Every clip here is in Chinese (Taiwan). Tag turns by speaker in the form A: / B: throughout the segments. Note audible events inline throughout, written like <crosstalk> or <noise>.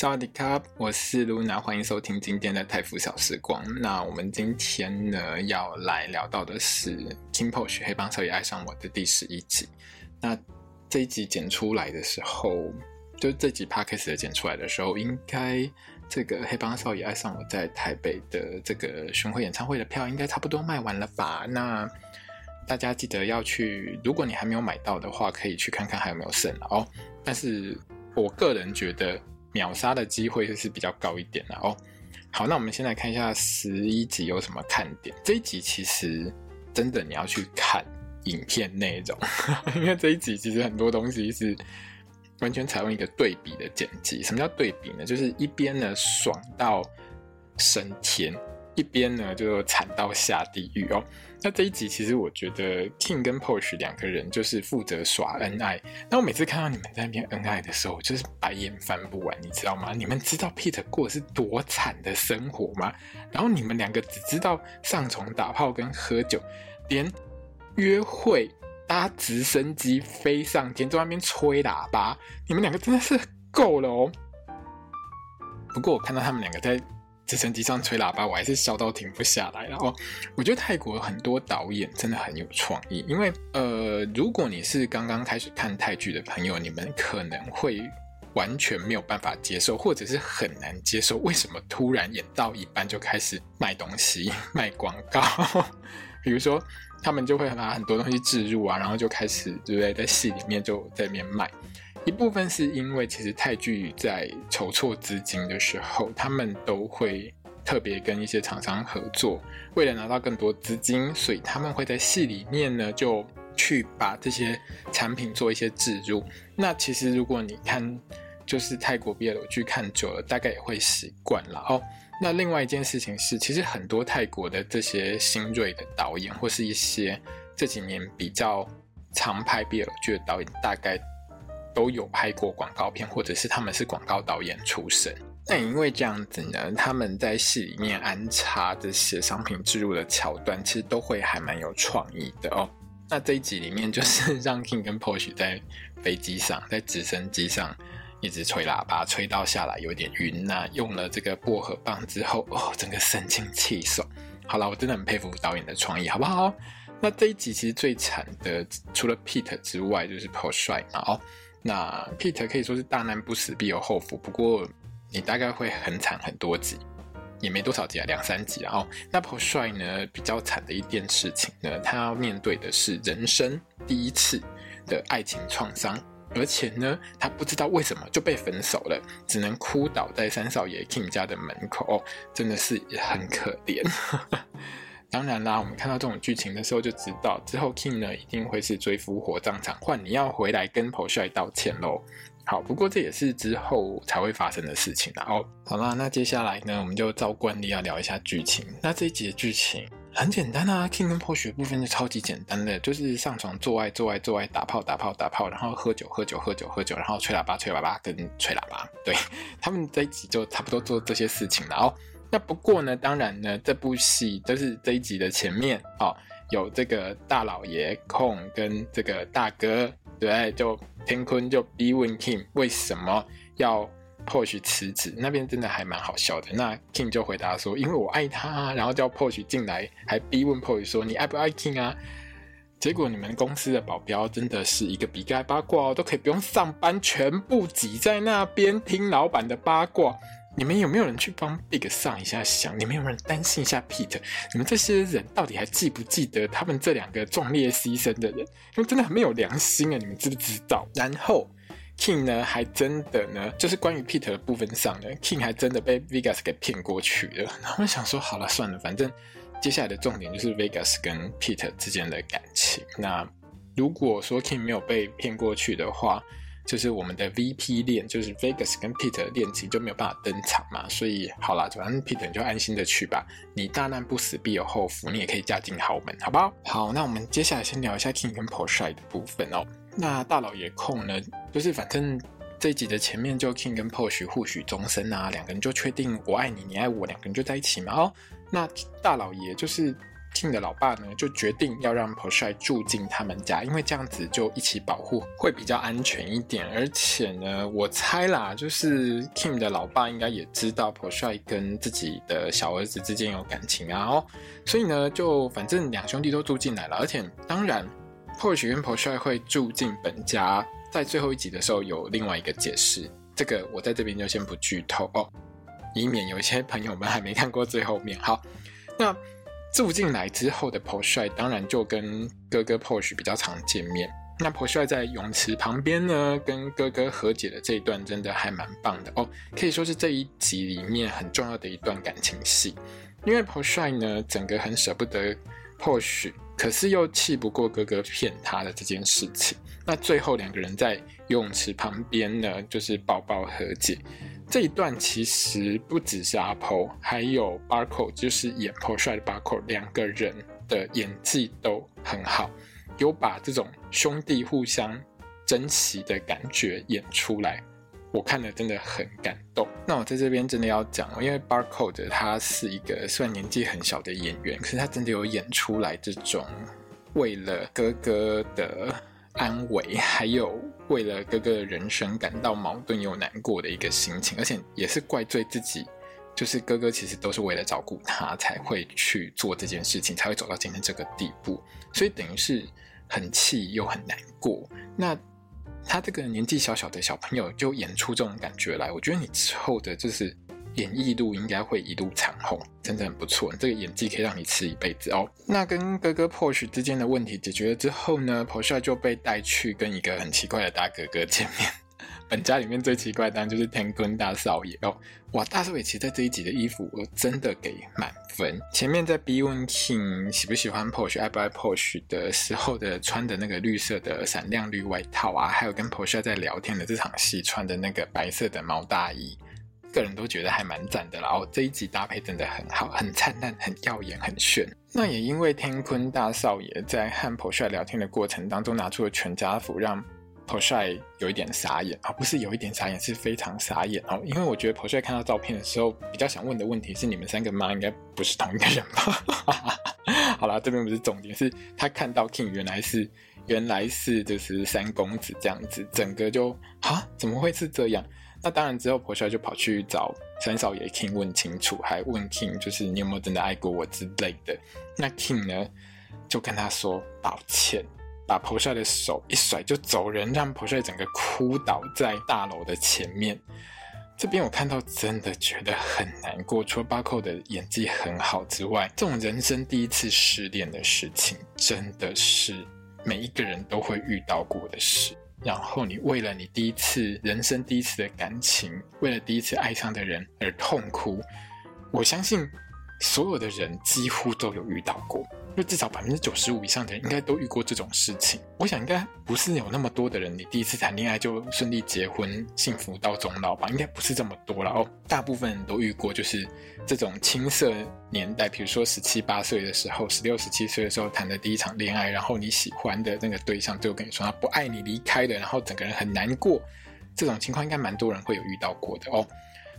A: 薩瓦迪卡，我是盧娜，歡迎收聽今天的《泰腐小時光》。那我們今天呢要來聊到的是《KinnPorsche 黑幫少爺愛上我》的第十一集。那這一集剪出來的時候，就這集 Podcast 的剪出來的時候，應該這個《黑幫少爺愛上我》在台北的這個巡迴演唱會的票，應該差不多賣完了吧？那大家記得要去，如果你還沒有買到的話，可以去看看還有沒有剩哦。但是我個人覺得。秒殺的機會是比較高一點的哦。好，那我們先來看一下十一集有什麼看點。這一集其實真的你要去看影片那一種，因為這一集其實很多東西是完全採用一個對比的剪輯。什麼叫對比呢？就是一邊呢爽到升天，一邊呢就慘到下地獄哦。那這一集其實我覺得 Kinn 跟 Porsche 兩個人就是負責耍恩愛。那我每次看到你們在那邊恩愛的時候，就是白眼翻不完，你知道嗎？你們知道 Peter 過的是多慘的生活嗎？然後你們兩個只知道上床打炮跟喝酒，連約會搭直升機飛上天，在外面吹喇叭，你們兩個真的是夠了哦。不過我看到他們兩個在直升機上吹喇叭，我還是笑到停不下來了哦。我覺得泰國很多導演真的很有創意，因為呃，如果你是剛剛開始看泰劇的朋友，你們可能會完全沒有辦法接受，或者是很難接受為什麼突然演到一半就開始賣東西、賣廣告。 <laughs> 比如說，他們就會拿很多東西置入啊，然後就開始對不對，在戲裡面就在裡面賣。一部分是因為其實泰劇在籌措資金的時候，他們都會特別跟一些廠商合作，為了拿到更多資金，所以他們會在戲裡面呢，就去把這些產品做一些置入。那其實如果你看就是泰國 BL 劇看久了，大概也會習慣了哦。那另外一件事情是，其實很多泰國的這些新銳的導演，或是一些這幾年比較常拍 BL 劇的導演，大概，都有拍過廣告片，或者是他們是廣告導演出身。那也因為這樣子呢，他們在戲裡面安插這些商品置入的橋段，其實都會還蠻有創意的哦。那這一集裡面就是讓 King 跟 Porsche 在飛機上，在直升機上一直吹喇叭，吹到下來有點暈吶、啊。用了這個薄荷棒之後，哦，整個神清氣爽。好了，我真的很佩服導演的創意，好不好？那這一集其實最慘的，除了 Pete 之外，就是 Porsche 帥嘛哦。那 Pete 可以說是大難不死必有後福，不過你大概會很慘很多集，也沒多少集啊，兩三集、啊哦。然後 Porsche 帥呢比較慘的一件事情呢，他要面對的是人生第一次的愛情創傷，而且呢他不知道為什麼就被分手了，只能哭倒在三少爺 Kim 家的門口、哦，真的是很可憐。 <laughs> 當然啦，我們看到這種劇情的時候就知道，之後 King 呢一定會是追夫火葬場，換你要回來跟 Porsche 道歉咯。好，不過這也是之後才會發生的事情啦。哦，好啦，那接下來呢，我們就照慣例要聊一下劇情。那這一集的劇情很簡單啊，King 跟 Porsche 的部分就超級簡單的，就是上床做愛、做愛、做愛打、打炮、打炮、打炮，然後喝酒、喝酒、喝酒、喝酒，然後吹喇叭、吹喇叭、跟吹喇叭。對，他們這一集就差不多做這些事情然哦。那不過呢，當然呢，這部戲就是這一集的前面哦，有這個大老爺控跟這個大哥，對，就天坤就逼問 Kinn 為什麼要 Porsche 辭職，那邊真的還蠻好笑的。那 Kinn 就回答說：“因為我愛他。”然後叫 Porsche 進來，還逼問 Porsche 說：“你愛不愛 Kinn 啊？”結果你們公司的保鏢真的是一個比蓋八卦哦，都可以不用上班，全部擠在那邊聽老板的八卦。你們有沒有人去幫 Big 上一下香？你們有沒有人擔心一下 Peter？你們這些人到底還記不記得他們這兩個壯烈犧牲的人？因為真的很沒有良心啊！你們知不知道？然後 King 呢，還真的呢，就是關於 Peter 的部分上呢，King 還真的被 Vegas 給騙過去了。他們想說，好了算了，反正接下來的重點就是 Vegas 跟 Peter 之間的感情。那如果說 King 沒有被騙過去的話，就是我們的 VP 戀，就是 Vegas 跟 Peter 的戀情就沒有辦法登場嘛，所以好啦，反正 Peter 你就安心的去吧，你大難不死必有後福，你也可以嫁進豪門，好不好？好，那我們接下來先聊一下 Kinn 跟 Porsche 的部分哦。那大老爺控呢，就是反正這集的前面就 Kinn 跟 Porsche 互許，許終身啊，兩個人就確定我愛你，你愛我，兩個人就在一起嘛。哦，那大老爺就是。Kinn 的老爸呢，就決定要讓 Porsche 住進他們家，因為這樣子就一起保護會比較安全一點。而且呢，我猜啦，就是 Kinn 的老爸應該也知道 Porsche 跟自己的小兒子之間有感情啊，哦，所以呢，就反正兩兄弟都住進來了。而且，當然，Porchay 跟 Porsche 會住進本家，在最後一集的時候有另外一個解釋，這個我在這邊就先不劇透哦，以免有些朋友們還沒看過最後面。好，那。住進來之後的 Porchay 當然就跟哥哥 Porsche 比較常見面。那 Porchay 在泳池旁邊呢，跟哥哥和解的這一段，真的還蠻棒的哦，可以說是這一集裡面很重要的一段感情戲。因為 Porchay 呢，整個很舍不得 Porsche，可是又氣不過哥哥騙他的這件事情。那最後兩個人在游泳池旁邊呢，就是抱抱和解。這一段其實不只是阿婆，還有 Barcode，就是演頗帥的 Barcode，兩個人的演技都很好，有把這種兄弟互相珍惜的感覺演出來，我看了真的很感動。那我在這邊真的要講，因為 Barcode 的他是一個雖然年紀很小的演員，可是他真的有演出來這種為了哥哥的。安慰，還有為了哥哥的人生感到矛盾又難過的一個心情，而且也是怪罪自己，就是哥哥其實都是為了照顧他才會去做這件事情，才會走到今天這個地步，所以等於是很氣又很難過。嗯。那他這個年紀小小的小朋友就演出這種感覺來，我覺得你之後的就是。演藝路應該會一路長紅，真的很不錯，這個演技可以讓你吃一輩子哦。那跟哥哥 Porsche 之間的問題解決了之後呢，Porsche 就被帶去跟一個很奇怪的大哥哥見面。本家裡面最奇怪當然就是 Tankhun 大少爺哦。哇，大少爺其實在這一集的衣服我真的給滿分。前面在逼問 King 喜不喜歡 Porsche 愛不愛 Porsche 的時候的穿的那個綠色的閃亮綠外套啊，還有跟 Porsche 在聊天的這場戲穿的那個白色的毛大衣，個人都覺得還蠻贊的啦，哦，這一集搭配真的很好，很燦爛，很耀眼，很炫。那也因為天坤大少爺在和 Porsche 聊天的過程當中，拿出了全家福，讓 Porsche 有一點傻眼，啊、哦，不是有一點傻眼，是非常傻眼。哦，因為我覺得 Porsche 看到照片的時候，比較想問的問題是：你們三個媽應該不是同一個人吧？ <laughs> 好啦，這邊不是重點，是他看到 King 原來是原來是就是三公子這樣子，整個就啊，怎麼會是這樣？那當然，之後婆帥就跑去找三少爺 King 問清楚，還問 King 就是你有沒有真的愛過我之類的。那 King 呢，就跟他說抱歉，把婆帥的手一甩就走人，讓婆帥整個哭倒在大樓的前面。這邊我看到真的覺得很難過，除了巴克的演技很好之外，這種人生第一次失戀的事情真的是每一個人都會遇到過的事。然後你為了你第一次，人生第一次的感情，為了第一次愛上的人而痛哭，我相信所有的人幾乎都有遇到過。至少百分之九十五以上的人應該都遇過這種事情。我想應該不是有那麼多的人，你第一次談戀愛就順利結婚，幸福到終老吧？應該不是這麼多了哦。大部分人都遇過，就是這種青澀年代，比如說十七八歲的時候，十六、十七歲的時候談的第一場戀愛，然後你喜歡的那個對象就跟你說他不愛你，離開了，然後整個人很難過。這種情況應該蠻多人會有遇到過的哦。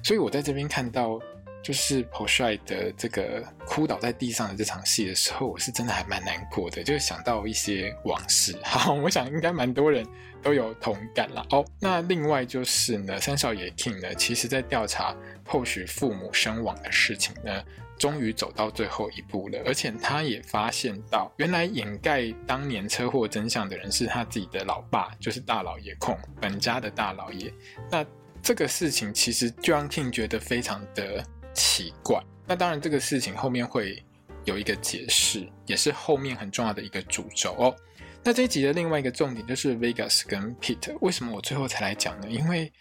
A: 所以我在這邊看到。就是 Porsche 的這個哭倒在地上的這場戲的時候，我是真的還蠻難過的，就想到一些往事。好，我想應該蠻多人都有同感了。好、oh，那另外就是呢，三少爺 King 呢，其實在調查 Porsche 父母身亡的事情呢，終於走到最後一步了。而且他也發現到，原來掩蓋當年車禍真相的人是他自己的老爸，就是大老爺 Korn 本家的大老爺。那這個事情其實就讓 King 覺得非常的奇怪，那當然這個事情後面會有一個解釋，也是後面很重要的一個主軸哦。那這一集的另外一個重點就是 Vegas 跟 Pete 為什麼我最後才來講呢？因為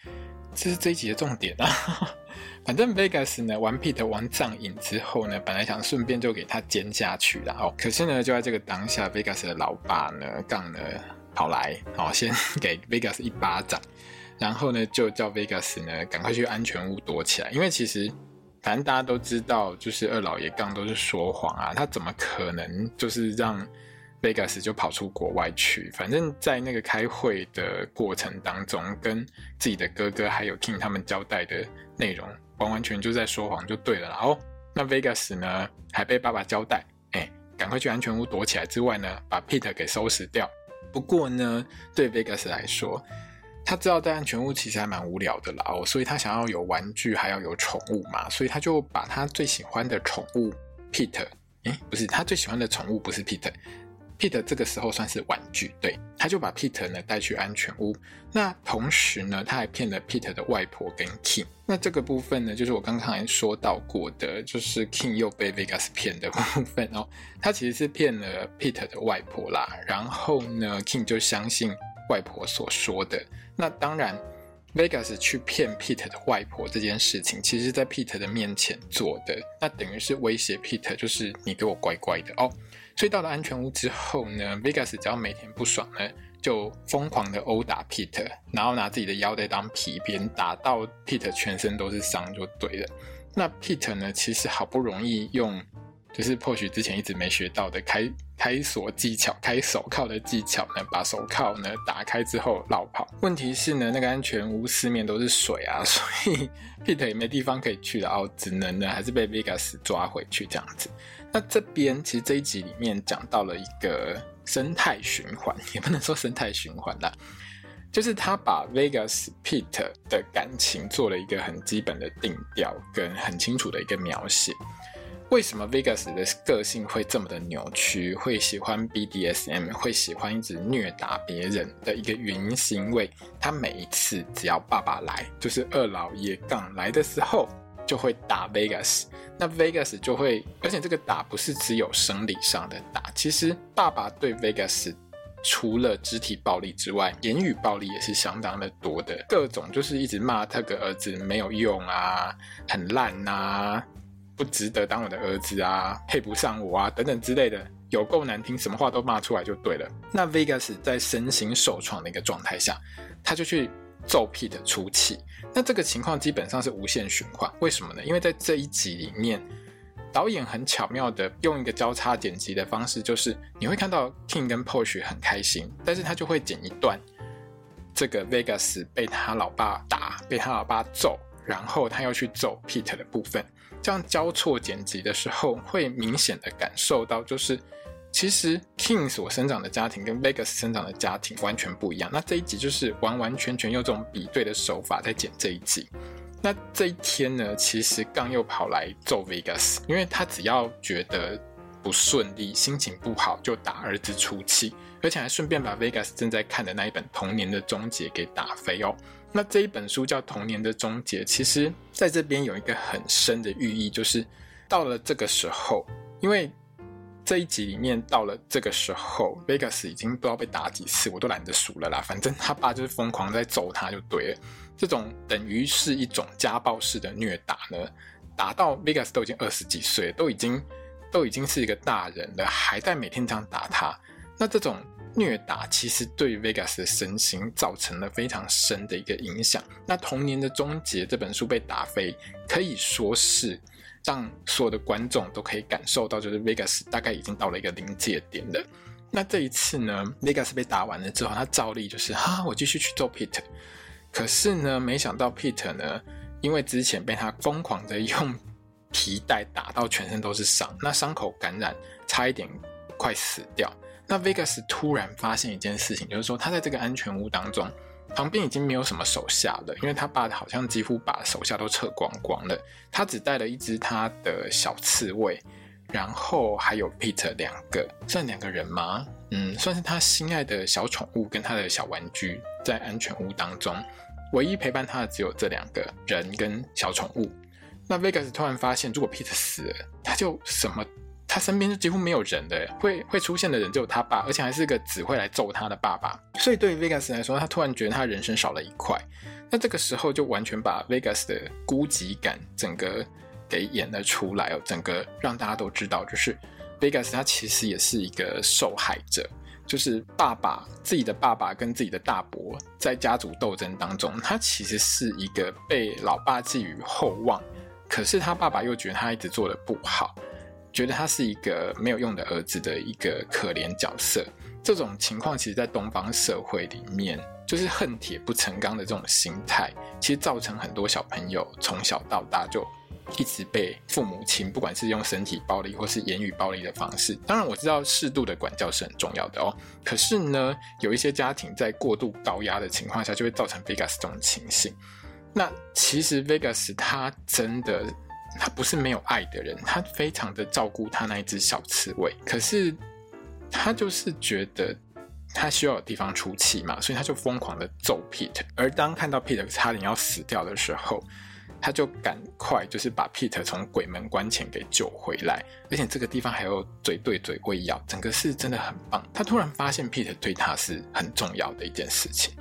A: 這是這一集的重點啊。 <laughs> 反正 Vegas 呢玩 Pete 玩上癮之後呢，本來想順便就給他姦下去啦。哦。可是呢，就在這個當下，Vegas 的老爸呢，剛呢跑來哦，先給 Vegas 一巴掌，然後呢就叫 Vegas 呢趕快去安全屋躲起來，因為其實。反正大家都知道，就是二老爺剛都是說謊啊，他怎麼可能就是讓 Vegas 就跑出國外去？反正，在那個開會的過程當中，跟自己的哥哥還有 Kinn 他們交代的內容，完完全全就在說謊就對了啦。然、哦、後，那 Vegas 呢，還被爸爸交代，哎，趕快去安全屋躲起來之外呢，把 Pete 給收拾掉。不過呢，對 Vegas 來說，他知道在安全屋其實還蠻無聊的啦，哦，所以他想要有玩具，還要有寵物嘛，所以他就把他最喜歡的寵物 Peter，誒、欸，不是他最喜歡的寵物不是 Peter，Peter Peter 這個時候算是玩具，對，他就把 Peter 呢帶去安全屋。那同時呢，他還騙了 Peter 的外婆跟 King。那這個部分呢，就是我剛剛還說到過的，就是 King 又被 Vegas 騙的部分哦，他其實是騙了 Peter 的外婆啦，然後呢，King 就相信。外婆所說的，那當然，Vegas 去騙 Pete 的外婆這件事情，其實，在 Pete 的面前做的，那等於是威脅 Pete，就是你給我乖乖的哦。所以到了安全屋之後呢，Vegas 只要每天不爽呢，就瘋狂的毆打 Pete，然後拿自己的腰帶當皮鞭，打到 Pete 全身都是傷就對了。那 Pete 呢，其實好不容易用。就是或許之前一直沒學到的開開鎖技巧，開手銬的技巧呢，把手銬呢打開之後逃跑。問題是呢，那個安全屋四面都是水啊，所以 Pete 也沒地方可以去了，哦，只能呢還是被 Vegas 抓回去這樣子。那這邊其實這一集裡面講到了一個生態循環，也不能說生態循環啦，就是他把 Vegas Pete 的感情做了一個很基本的定調跟很清楚的一個描寫。為什麼 Vegas 的個性會這麼的扭曲？會喜歡 BDSM，會喜歡一直虐打別人的一個原因是因為他每一次只要爸爸來，就是二老爺剛來的時候，就會打 Vegas。那 Vegas 就會，而且這個打不是只有生理上的打，其實爸爸對 Vegas 除了肢體暴力之外，言語暴力也是相當的多的，各種就是一直罵他的兒子沒有用啊，很爛啊。不值得當我的兒子啊，配不上我啊，等等之類的，有夠難聽，什麼話都罵出來就對了。那 Vegas 在身心受創的一個狀態下，他就去揍 Pete 出氣。那這個情況基本上是無限循環，為什麼呢？因為在這一集裡面，導演很巧妙的用一個交叉剪輯的方式，就是你會看到 King 跟 Porsche 很開心，但是他就會剪一段這個 Vegas 被他老爸打，被他老爸揍，然後他又去揍 Pete 的部分。這樣交錯剪輯的時候，會明顯的感受到，就是其實 Kinn 所生長的家庭跟 Vegas 生長的家庭完全不一樣。那這一集就是完完全全用這種比對的手法在剪這一集。那這一天呢，其實剛又跑來揍 Vegas，因為他只要覺得不順利、心情不好，就打兒子出氣，而且還順便把 Vegas 正在看的那一本《童年的終結》給打飛哦。那這一本書叫《童年的終結》，其實在這邊有一個很深的寓意，就是到了這個時候，因為這一集裡面到了這個時候，Vegas 已經不知道被打幾次，我都懶得數了啦。反正他爸就是瘋狂在揍他就對了。這種等於是一種家暴式的虐打呢，打到 Vegas 都已經二十幾歲，都已經都已經是一個大人了，還在每天這樣打他，那這種。虐打其實對 Vegas 的身心造成了非常深的一個影響。那童年的終結這本書被打飛，可以說是讓所有的觀眾都可以感受到，就是 Vegas 大概已經到了一個臨界點了。那這一次呢，Vegas 被打完了之後，他照例就是哈、啊，我繼續去做 Pete。可是呢，沒想到 Pete 呢，因為之前被他瘋狂的用皮帶打到全身都是傷，那傷口感染，差一點快死掉。那 Vegas 突然發現一件事情，就是說他在這個安全屋當中，旁邊已經沒有什麼手下了，因為他爸好像幾乎把手下都撤光光了。他只帶了一隻他的小刺蝟，然後還有 Pete 兩個，算兩個人嗎？嗯，算是他心愛的小寵物跟他的小玩具，在安全屋當中，唯一陪伴他的只有這兩個人跟小寵物。那 Vegas 突然發現，如果 Pete 死了，他就什麼？他身邊就幾乎沒有人的，會會出現的人只有他爸，而且還是一個只會來揍他的爸爸。所以對於 Vegas 來說，他突然覺得他人生少了一塊。那這個時候就完全把 Vegas 的孤寂感整個給演了出來哦，整個讓大家都知道，就是 Vegas 他其實也是一個受害者，就是爸爸自己的爸爸跟自己的大伯在家族鬥爭當中，他其實是一個被老爸寄予厚望，可是他爸爸又覺得他一直做得不好。覺得他是一個沒有用的兒子的一個可憐角色。這種情況其實，在東方社會裡面，就是恨鐵不成鋼的這種心態，其實造成很多小朋友從小到大就一直被父母親，不管是用身體暴力或是言語暴力的方式。當然，我知道適度的管教是很重要的哦。可是呢，有一些家庭在過度高壓的情況下，就會造成 Vegas 這種情形。那其實 Vegas 他真的。他不是沒有愛的人，他非常的照顧他那一隻小刺蝟。可是他就是覺得他需要有地方出氣嘛，所以他就瘋狂的揍 Peter。而當看到 Peter 差點要死掉的時候，他就趕快就是把 Peter 從鬼門關前給救回來。而且這個地方還有嘴對嘴餵藥，整個是真的很棒。他突然發現 Peter 對他是很重要的一件事情。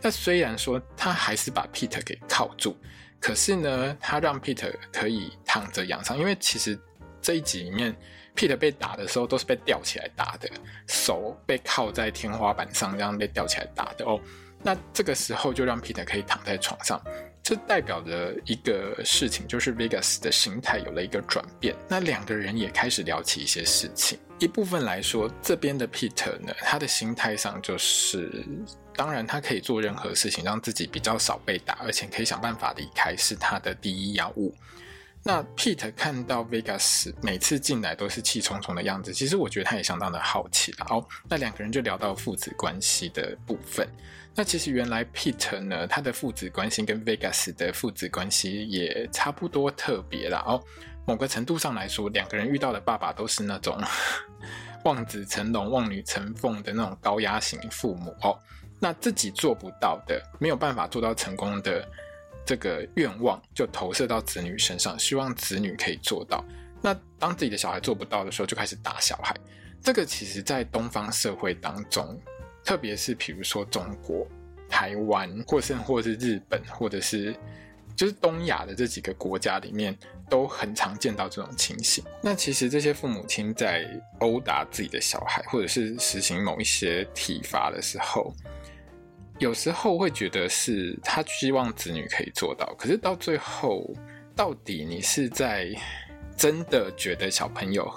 A: 那雖然說他還是把 Peter 給銬住。可是呢，他讓 Peter 可以躺着養傷，因為其實這一集裡面，Peter 被打的時候都是被吊起來打的，手被銬在天花板上，這樣被吊起來打的哦。那這個時候就讓 Peter 可以躺在床上，這代表着一個事情，就是 Vegas 的心態有了一個轉變。那兩個人也開始聊起一些事情。一部分來說，這邊的 Peter 呢，他的心態上就是。當然，他可以做任何事情，讓自己比較少被打，而且可以想辦法離開，是他的第一要務。那 Pete 看到 Vegas 每次進來都是氣沖沖的樣子，其實我覺得他也相當的好奇了哦。那兩個人就聊到父子關係的部分。那其實原來 Pete 呢，他的父子關係跟 Vegas 的父子關係也差不多特別了哦。某個程度上來說，兩個人遇到的爸爸都是那種 <laughs> 望子成龍、望女成鳳的那種高壓型父母哦。那自己做不到的，沒有辦法做到成功的這個願望，就投射到子女身上，希望子女可以做到。那當自己的小孩做不到的時候，就開始打小孩。這個其實，在東方社會當中，特別是比如說中國、台灣，或甚或是日本，或者是就是東亞的這幾個國家裡面，都很常見到這種情形。那其實這些父母親在毆打自己的小孩，或者是實行某一些體罰的時候，有時候會覺得是他希望子女可以做到，可是到最後，到底你是在真的覺得小朋友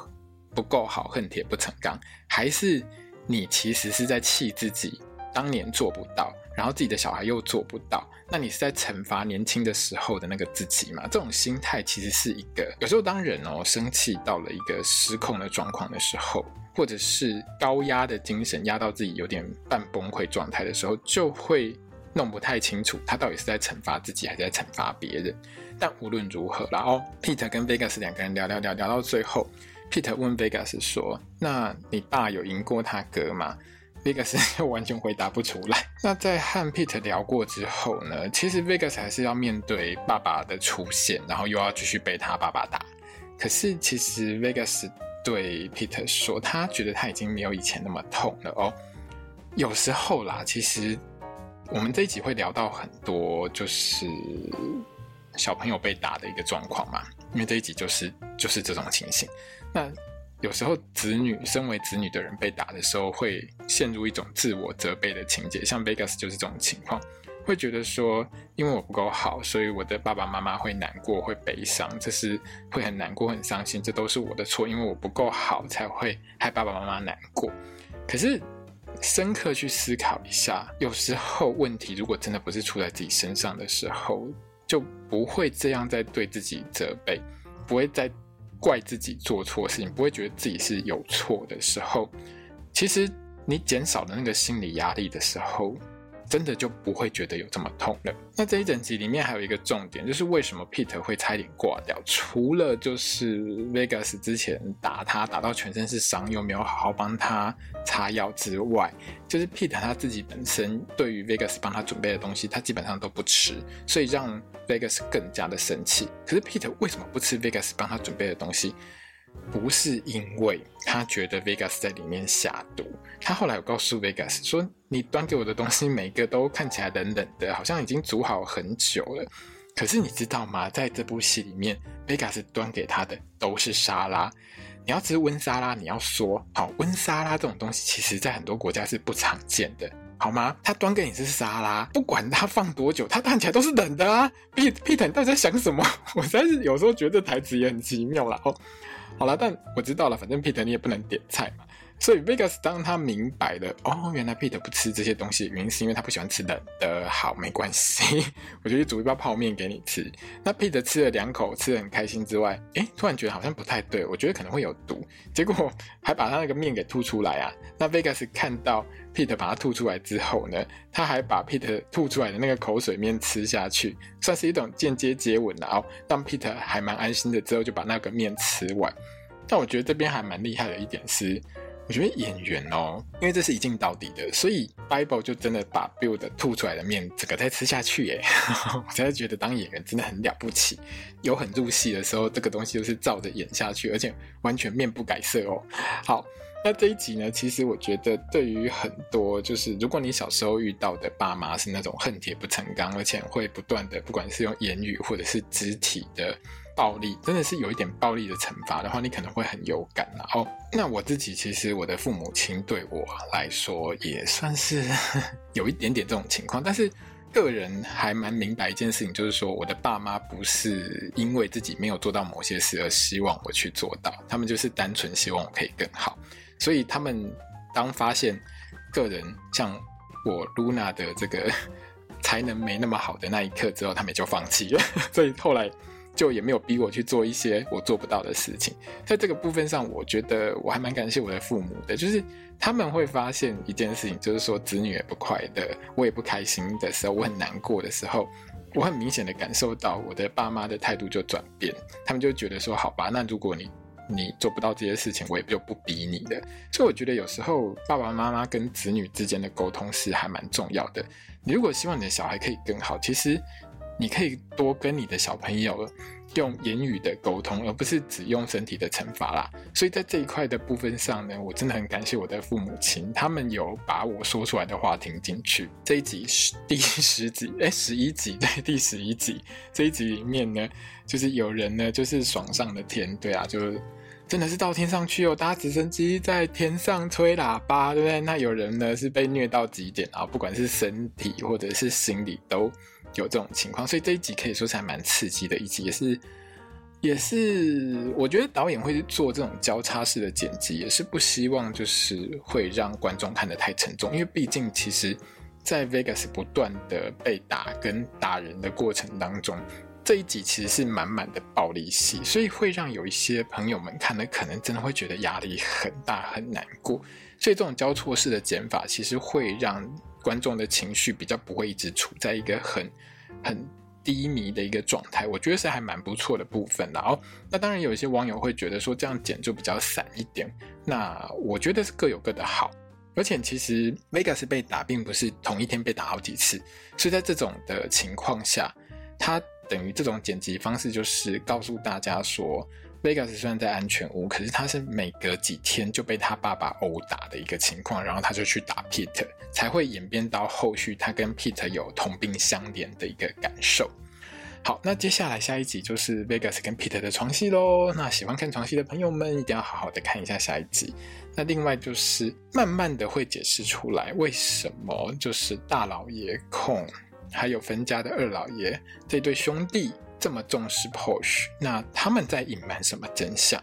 A: 不夠好，恨鐵不成鋼，還是你其實是在氣自己當年做不到，然後自己的小孩又做不到，那你是在懲罰年輕的時候的那個自己嗎？這種心態其實是一個，有時候當人哦，生氣到了一個失控的狀況的時候。或者是高壓的精神壓到自己有點半崩潰狀態的時候，就會弄不太清楚他到底是在懲罰自己還是在懲罰別人。但無論如何然後、哦、Pete 跟 Vegas 兩個人聊聊聊聊到最後，Pete 問 Vegas 說：“那你爸有贏過他哥嗎？”Vegas 又 <laughs> 完全回答不出來。那在和 Pete 聊過之後呢，其實 Vegas 還是要面對爸爸的出現，然後又要繼續被他爸爸打。可是其實 Vegas。對 Peter 說，他覺得他已經沒有以前那麼痛了哦。Oh, 有時候啦，其實我們這一集會聊到很多，就是小朋友被打的一個狀況嘛。因為這一集就是就是這種情形。那有時候子女身為子女的人被打的時候，會陷入一種自我責備的情節，像 Vegas 就是這種情況。會覺得說，因為我不夠好，所以我的爸爸媽媽會難過、會悲傷，這是會很難過、很傷心，這都是我的錯，因為我不夠好才會害爸爸媽媽難過。可是，深刻去思考一下，有時候問題如果真的不是出在自己身上的時候，就不會這樣在對自己責備，不會再怪自己做錯事情，不會覺得自己是有錯的時候。其實，你減少了那個心理壓力的時候。真的就不會覺得有這麼痛了。那這一整集裡面還有一個重點，就是為什麼 Pete 會差一點掛掉？除了就是 Vegas 之前打他打到全身是傷，又沒有好好幫他擦藥之外，就是 Pete 他自己本身對於 Vegas 幫他準備的東西，他基本上都不吃，所以讓 Vegas 更加的生氣。可是 Pete 為什麼不吃 Vegas 幫他準備的東西？不是因為他覺得 Vegas 在裡面下毒，他後來有告訴 Vegas 說：“你端給我的東西，每個都看起來冷冷的，好像已經煮好很久了。”可是你知道嗎？在這部戲裡面，Vegas 端給他的都是沙拉。你要吃溫沙拉，你要說好溫沙拉這種東西，其實在很多國家是不常見的，好嗎？他端給你是沙拉，不管他放多久，他看起來都是冷的啊。Pete p 大家到底在想什麼？ <laughs> 我真是有時候覺得這台詞也很奇妙然哦。好了，但我知道了，反正 Peter 你也不能點菜嘛。所以 Vegas 當他明白了哦，原來 Peter 不吃這些東西，原因是因為他不喜歡吃冷的。好，沒關係，我就去煮一包泡麵給你吃。那 Peter 吃了兩口，吃的很開心之外，哎，突然覺得好像不太對，我覺得可能會有毒。結果還把他那個麵給吐出來啊。那 Vegas 看到 Peter 把他吐出來之後呢，他還把 Peter 吐出來的那個口水麵吃下去，算是一種間接接吻，然後讓 Peter 還蠻安心的。之後就把那個麵吃完。但我覺得這邊還蠻厲害的一點是。我覺得演員哦，因為這是一鏡到底的，所以 Bible 就真的把 Build 吐出來的麵整個再吃下去哎， <laughs> 我才覺得當演員真的很了不起，有很入戲的時候，這個東西就是照着演下去，而且完全面不改色哦。好，那這一集呢，其實我覺得對於很多就是如果你小時候遇到的爸媽是那種恨鐵不成鋼，而且會不斷的不管是用言語或者是肢體的。暴力，真的是有一點暴力的懲罰的話，你可能會很有感吶。哦、oh，那我自己其實我的父母親對我來說也算是有一點點這種情況，但是個人還蠻明白一件事情，就是說我的爸媽不是因為自己沒有做到某些事而希望我去做到，他們就是單純希望我可以更好。所以他們當發現個人像我 Luna 的這個才能沒那麼好的那一刻之後，他們就放棄了。 <laughs> 所以後來。就也沒有逼我去做一些我做不到的事情。在這個部分上，我覺得我還蠻感謝我的父母的，就是他們會發現一件事情，就是說子女也不快樂，我也不開心的時候，我很難過的時候，我很明顯的感受到我的爸媽的態度就轉變，他們就覺得說，好吧，那如果你你做不到這些事情，我也就不逼你的。所以我覺得有時候爸爸媽媽跟子女之間的溝通是還蠻重要的。你如果希望你的小孩可以更好，其實。你可以多跟你的小朋友用言語的溝通，而不是只用身體的懲罰啦。所以在這一塊的部分上呢，我真的很感謝我的父母親，他們有把我說出來的話聽進去。這一集是第十集，哎，十一集，對，第十一集，這一集裡面呢，就是有人呢，就是爽上了天，對啊，就是真的是到天上去哦，搭直升機在天上吹喇叭，對不對？那有人呢，是被虐到極點啊，不管是身體或者是心理都。有這種情況，所以這一集可以說是還蠻刺激的一集，也是也是，我覺得導演會做這種交叉式的剪輯，也是不希望就是會讓觀眾看得太沉重，因為畢竟其實，在 Vegas 不斷的被打跟打人的過程當中，這一集其實是滿滿的暴力戲，所以會讓有一些朋友們看的可能真的會覺得壓力很大很難過，所以這種交錯式的剪法其實會讓。觀眾的情緒比較不會一直處在一個很很低迷的一個狀態，我覺得是還蠻不錯的部分的。然後，那當然有些網友會覺得說這樣剪就比較散一點，那我覺得是各有各的好。而且其實 Vegas 被打，並不是同一天被打好幾次，所以在這種的情況下，它等於這種剪輯方式就是告訴大家說。Vegas 雖然在安全屋，可是他是每隔幾天就被他爸爸毆打的一個情況，然後他就去打 Peter，才會演變到後續他跟 Peter 有同病相憐的一個感受。好，那接下來下一集就是 Vegas 跟 Peter 的床戲嘍。那喜歡看床戲的朋友們一定要好好的看一下下一集。那另外就是慢慢的會解釋出來為什麼就是大老爺控，還有分家的二老爺這對兄弟，這麼重視 Porsche，那他們在隱瞞什麼真相？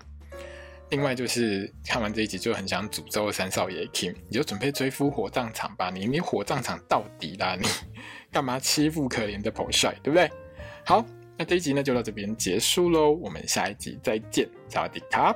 A: 另外就是看完這一集就很想詛咒三少爺 Kim，你就準備追夫火葬場吧！你明明火葬場到底啦！你幹嘛欺負可憐的 Porsche，對不對？好，那這一集呢就到這邊結束嘍，我們下一集再見，薩瓦迪卡。